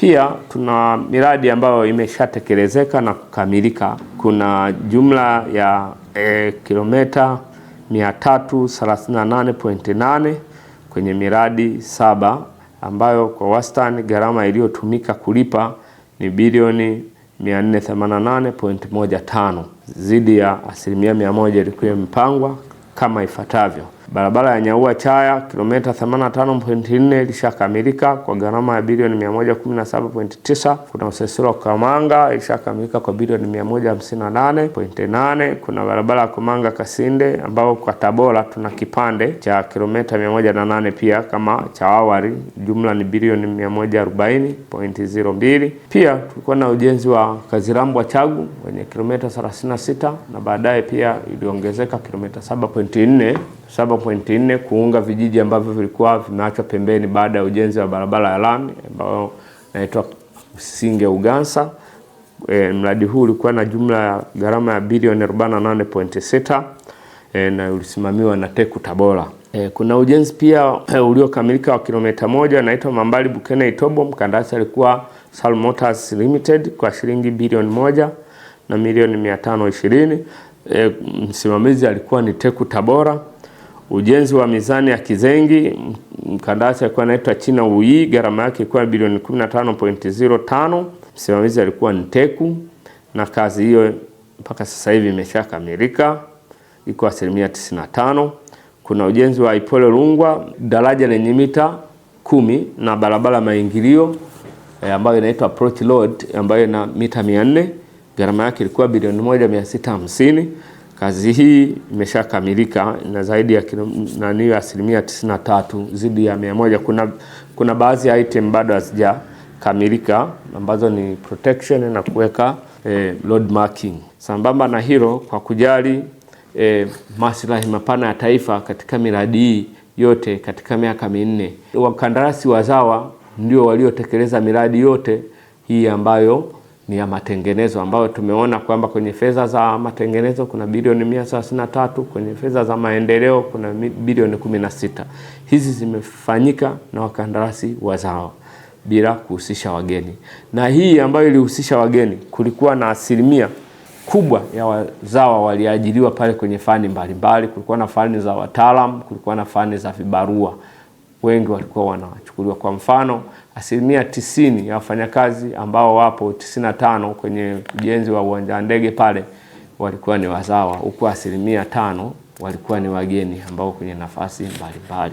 Pia tuna miradi ambayo imeshatekelezeka na kukamilika. Kuna jumla ya e, kilometa 338.8 kwenye miradi saba ambayo kwa wastani gharama iliyotumika kulipa ni bilioni 488.15 zidi ya asilimia mia moja ilikuwa imepangwa kama ifuatavyo. Barabara ya Nyaua Chaya kilomita 85.4 ilishakamilika kwa gharama ya bilioni 117.9. Kuna usesero wa Kamanga ilishakamilika kwa bilioni 158.8. Kuna barabara ya Komanga Kasinde ambao kwa Tabora tuna kipande cha kilomita 108 pia kama cha awali, jumla ni bilioni 140.02. Pia tulikuwa na ujenzi wa Kazirambwa Chagu wenye kilomita 36 na baadaye pia iliongezeka kilomita 7.4 4.4 kuunga vijiji ambavyo vilikuwa vimeachwa pembeni baada ya ujenzi wa barabara ya lami ambayo inaitwa Singe Ugansa. E, mradi huu ulikuwa na jumla ya gharama ya bilioni 48.6 e, na ulisimamiwa na Teku Tabora. E, kuna ujenzi pia e, uliokamilika wa kilomita moja unaitwa Mambali Bukene Itobo. Mkandarasi alikuwa Sal Motors Limited kwa shilingi bilioni moja na milioni 520. E, msimamizi alikuwa ni Teku Tabora. Ujenzi wa mizani ya Kizengi, mkandasi alikuwa anaitwa China Uyi, gharama yake ilikuwa bilioni 15.05. Msimamizi alikuwa Nteku, na kazi hiyo mpaka sasa hivi imeshakamilika, iko asilimia 95. Kuna ujenzi wa Ipole Rungwa, daraja lenye mita kumi na barabara maingilio e, ambayo inaitwa Port Road ambayo ina mita 400, gharama yake ilikuwa bilioni 1650. Kazi hii imeshakamilika na zaidi ya nani asilimia 93 zidi ya moja. Kuna, kuna baadhi ya item bado hazijakamilika ambazo ni protection na kuweka eh, load marking. Sambamba na hilo kwa kujali eh, maslahi mapana ya taifa katika miradi hii yote katika miaka minne, wakandarasi wazawa ndio waliotekeleza miradi yote hii ambayo ni ya matengenezo ambayo tumeona kwamba kwenye fedha za matengenezo kuna bilioni mia tatu, kwenye fedha za maendeleo kuna bilioni kumi sita. Hizi zimefanyika na wakandarasi wazawa bila kuhusisha wageni, na hii ambayo ilihusisha wageni, kulikuwa na asilimia kubwa ya wazawa waliajiriwa pale kwenye fani mbalimbali. Kulikuwa na fani za wataalamu, kulikuwa na fani za vibarua, wengi walikuwa wanachukuliwa. Kwa mfano asilimia tisini ya wafanyakazi ambao wapo tisini na tano kwenye ujenzi wa uwanja wa ndege pale walikuwa ni wazawa, huku asilimia tano walikuwa ni wageni ambao kwenye nafasi mbalimbali.